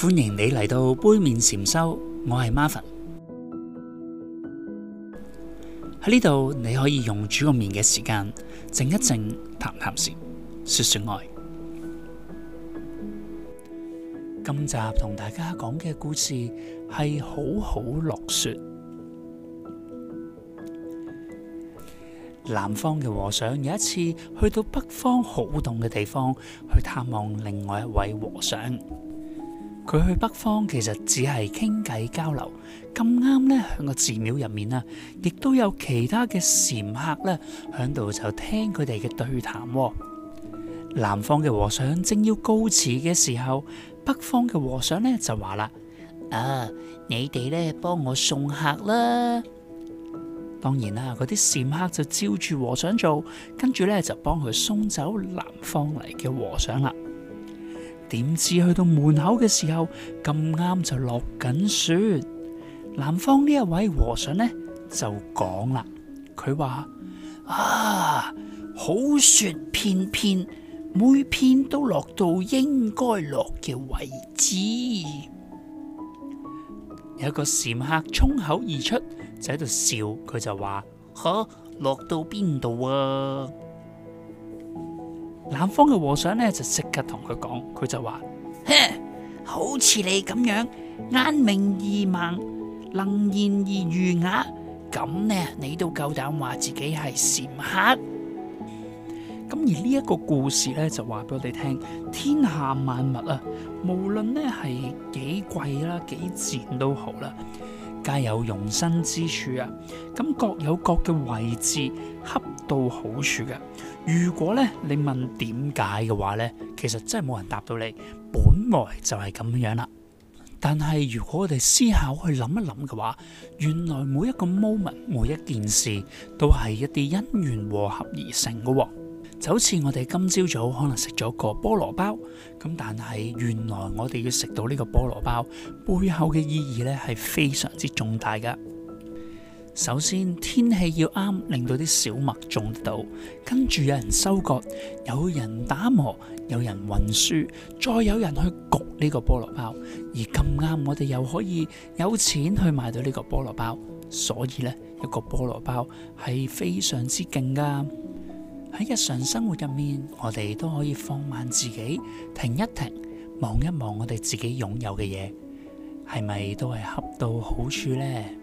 歡迎你嚟到杯麵禪修，我係 Marvin。喺呢度你可以用煮個麵嘅時間靜一靜，談談禪，說說愛。今集同大家講嘅故事係剛好落雪。南方嘅和尚有一次去到北方好凍嘅地方去探望另外一位和尚。佢去北方，其實只係傾偈交流。咁啱呢，喺個寺廟入面啊，亦都有其他嘅禪客呢。喺度就聽佢哋嘅對談。南方嘅和尚正要告辭嘅時候，北方嘅和尚呢就話啦：啊，你哋呢幫我送客啦。當然啦，嗰啲禪客就照住和尚做，跟住呢就幫佢送走南方嚟嘅和尚啦。點知去到門口嘅時候，咁啱就落緊雪。南方呢一位和尚呢就講啦，佢話：啊，好雪片片，每片都落到應該落嘅位置。有個禪客衝口而出就喺度笑，佢就話：嚇、啊，落到邊度啊？南方嘅和尚呢，就即刻同佢講，佢就話：，哼，好似你咁樣眼明耳盲，能言而愚啞，咁呢，你都夠膽話自己係禪客？咁、嗯、而呢一個故事呢，就話俾我哋聽，天下萬物啊，無論呢係幾貴啦，幾賤都好啦。皆有容身之處啊！咁各有各嘅位置，恰到好處嘅。如果咧你問點解嘅話咧，其實真係冇人答到你。本來就係咁樣啦。但係如果我哋思考去諗一諗嘅話，原來每一個 moment，每一件事都係一啲因緣和合而成嘅。就好似我哋今朝早，早可能食咗個菠蘿包，咁但係原來我哋要食到呢個菠蘿包背後嘅意義咧，係非常之重大噶。首先天氣要啱，令到啲小麥種得到，跟住有人收割，有人打磨，有人運輸，再有人去焗呢個菠蘿包，而咁啱我哋又可以有錢去買到呢個菠蘿包，所以咧，一個菠蘿包係非常之勁噶。喺日常生活入面，我哋都可以放慢自己，停一停，望一望我哋自己擁有嘅嘢，係咪都係恰到好處咧？